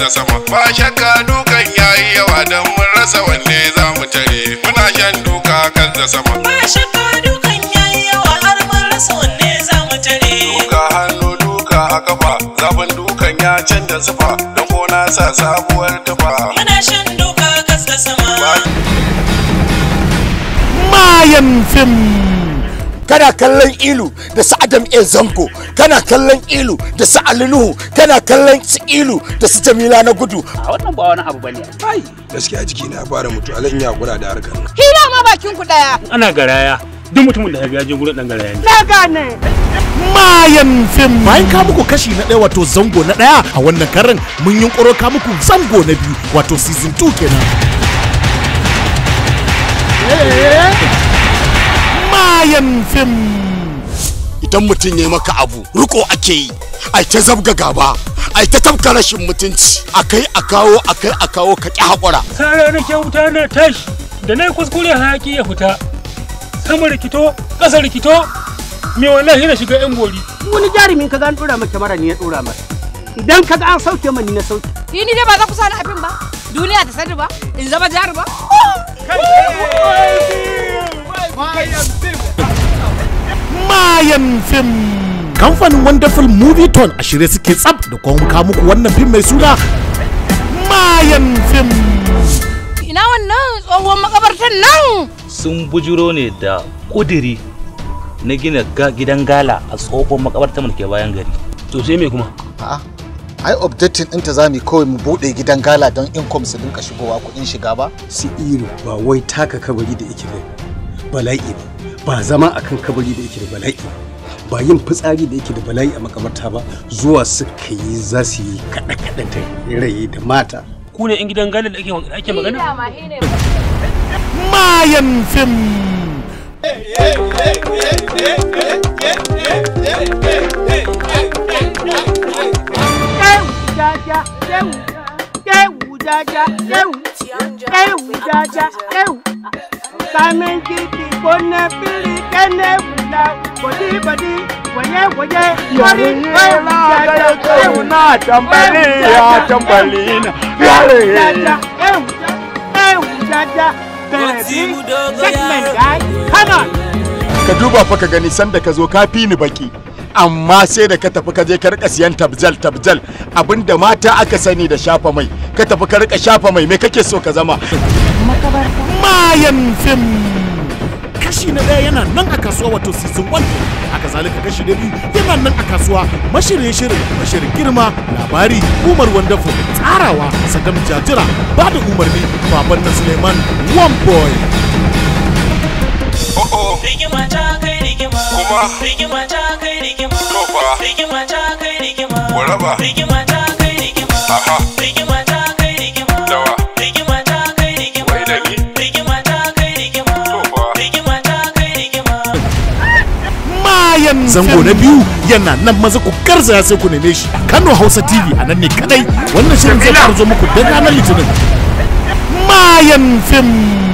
ta sama ba shakka dukan yayi yawa dan mun rasa wanne za mu tare muna shan duka kan ta sama ba shakka dukan yayi yawa har mun rasa wanne za mu tare duka hannu duka a kafa zaban dukan ya canza zuba da gona sa sabuwar tufa muna shan duka kan ta sama mayan fim kana kallon ilu da su adam a zango kana kallon ilu da su alinuhu kana kallon su ilu da su jamila na gudu a wannan ba wani abu bane ai gaskiya jiki na fara mutu alan ya kura da harkar nan hira ma bakin ku daya ana garaya duk mutumin da ya gaje gurin dan garaya ne na gane mayan fim bayan ka muku kashi na daya wato zango na daya a wannan karran mun yunkuro ka muku zango na biyu wato season 2 kenan yeah. Lion Film. Idan mutum ya maka abu, riko ake yi, ai ta zabga gaba, ai ta tabka rashin mutunci, akai a kawo akai a kawo ka ƙi haƙura. Sara ke wuta na tashi, da na kuskure haƙi ya fita. Sama rikito, ƙasa rikito, me wallahi na shiga yan gori Wani jarumin ka ga dora maka mara ni ya dora maka. Idan ka ga an sauke mani na sauke. Ni ni dai ba za ku sani abin ba, duniya ta sani ba, in zama jaru ba. Lion Film. Kamfanin Wonderful Movie Ton a shirye suke tsab da kuma muku wannan fim mai suna Mayan Film. Ina wannan tsohon makabartar nan? Sun bujuro ne da kudiri na gina gidan gala a tsohon makabartar da ke bayan gari. To sai me kuma? A'a. ai objectin din ta mu kawai mu buɗe gidan gala don income su dinka shigowa kuɗin shiga ba? si iro ba wai taka kabari da ike bai bala'i ba ba zama akan kabari da yake da bala'i ba yin fitsari da yake da bala'i a makamarta ba zuwa suka yi za su yi kaɗa kaɗa da raye da mata ku ne in gidan gane da ake magana eh, mayan fim Samin kirki kone pili kene wula na ka duba fa ka gani sanda ka zo ka fi ni baki amma sai da ka tafi ka je ka rika siyan tabjal tabjal abinda mata aka sani da shafa mai ka tafi ka rika shafa mai me kake so ka zama makabarta mayan fim kashi na ɗaya yana nan a kasuwa wato season 1 haka zalika kashi na biyu yana nan a kasuwa mashirin shirin mashirin girma labari umar wonderful tsarawa sakam jajira ba da umarni baban na suleiman one boy oh, oh. rigima ta kai rigima kuma rigima ta kai rigima rigima ta kai rigima rigima ta kai rigima zango na biyu yana nan maza ku garzaya sai ku neme shi kano hausa tv a nan ne kadai wannan shirin zai karzo zo muku da ranar litinin mayan fim